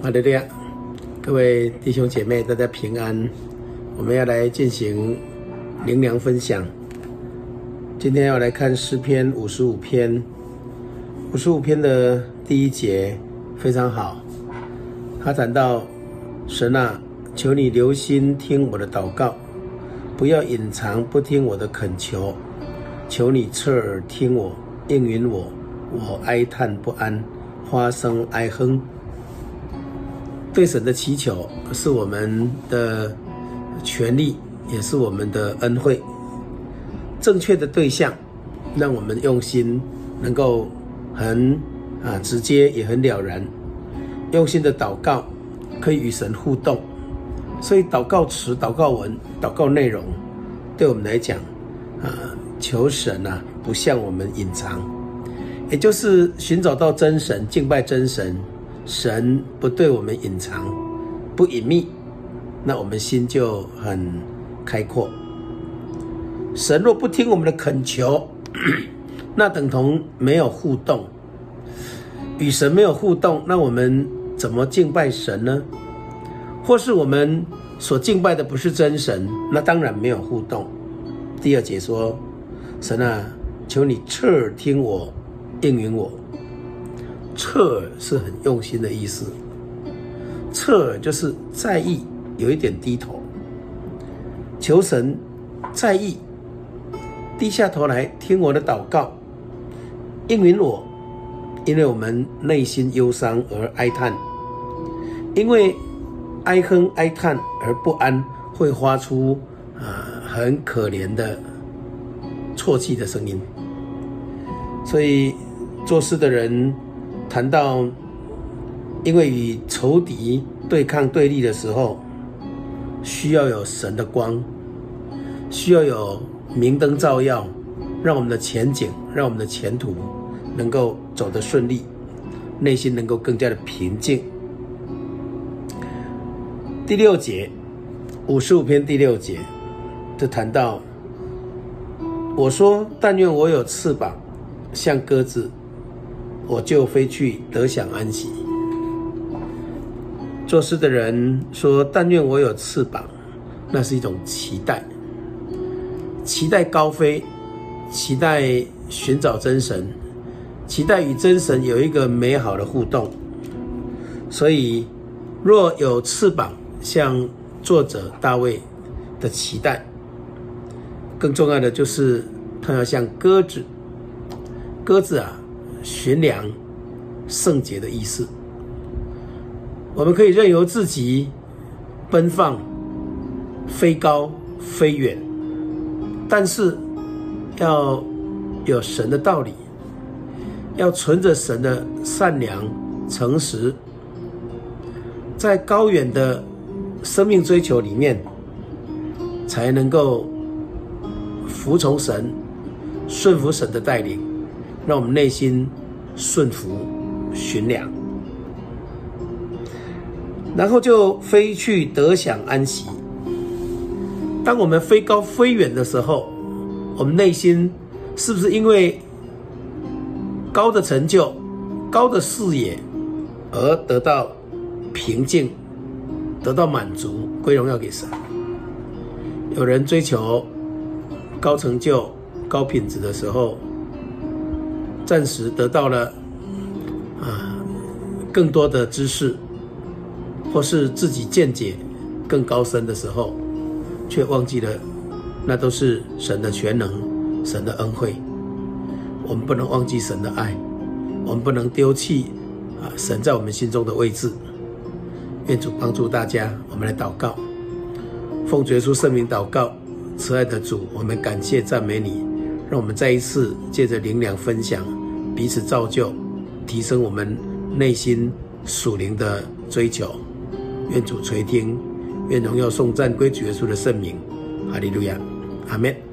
好的，這各位弟兄姐妹，大家平安。我們要來進行靈糧分享。今天要來看詩篇五十五篇，五十五篇的第一節，非常好。他談到神啊，求你留心聽我的禱告，不要隱藏，不聽我的懇求，求你側耳聽我，應允我，我哀嘆不安，發聲哀哼。對神的祈求是我們的權利，也是我們的恩惠。正確的對象，讓我們用心能夠很啊直接，也很了然。用心的禱告可以與神互動，所以禱告詞、禱告文、禱告內容，對我們來講啊，求神吶、啊，不向我們隱藏，也就是尋找到真神，敬拜真神。神不對我們隱藏，不隱祕，那我們心就很開闊。神若不聽我們的懇求，那等同沒有互動，與神沒有互動，那我們怎麼敬拜神呢？或是我們所敬拜的不是真神，那當然沒有互動。第二節說：神啊，求你側耳聽我，應允我。側耳是很用心的意思，側耳就是在意，有一點低頭，求神在意，低下頭來聽我的禱告，應允我，因為我們內心憂傷而哀嘆，因為哀哼哀嘆而不安，會發出啊、呃、很可憐的啜泣的聲音，所以做事的人。談到，因為與仇敵對抗對立的時候，需要有神的光，需要有明燈照耀，讓我們的前景，讓我們的前途能夠走得順利，內心能夠更加的平靜。第六節，五十五篇第六節，就談到，我說：“但願我有翅膀，像鴿子。”我就飛去得享安息。做事的人說：“但願我有翅膀。那是一種期待，期待高飛，期待尋找真神，期待與真神有一個美好的互動。所以，若有翅膀，像作者大衛的期待，更重要的就是他要像鴿子，鴿子啊。”尋良聖潔的意思，我們可以任由自己奔放，飛高飛遠，但是要有神的道理，要存着神的善良誠實，在高遠的生命追求裡面，才能夠服從神，順服神的帶領。讓我們內心順服、尋良，然後就飛去得享安息。當我們飛高飛遠的時候，我們內心是不是因為高的成就、高的視野而得到平靜、得到滿足？歸榮耀給神。有人追求高成就、高品質的時候。暫時得到了啊更多的知識，或是自己見解更高深的時候，卻忘記了那都是神的全能，神的恩惠。我們不能忘記神的愛，我們不能丟棄啊神在我們心中的位置。願主幫助大家，我們來禱告。奉耶穌聖名禱告，慈愛的主，我們感謝讚美你。讓我們再一次借着靈糧分享，彼此造就，提升我們內心屬靈的追求。願主垂聽，願榮耀頌讚歸主耶穌的聖名。阿利路亞，阿門。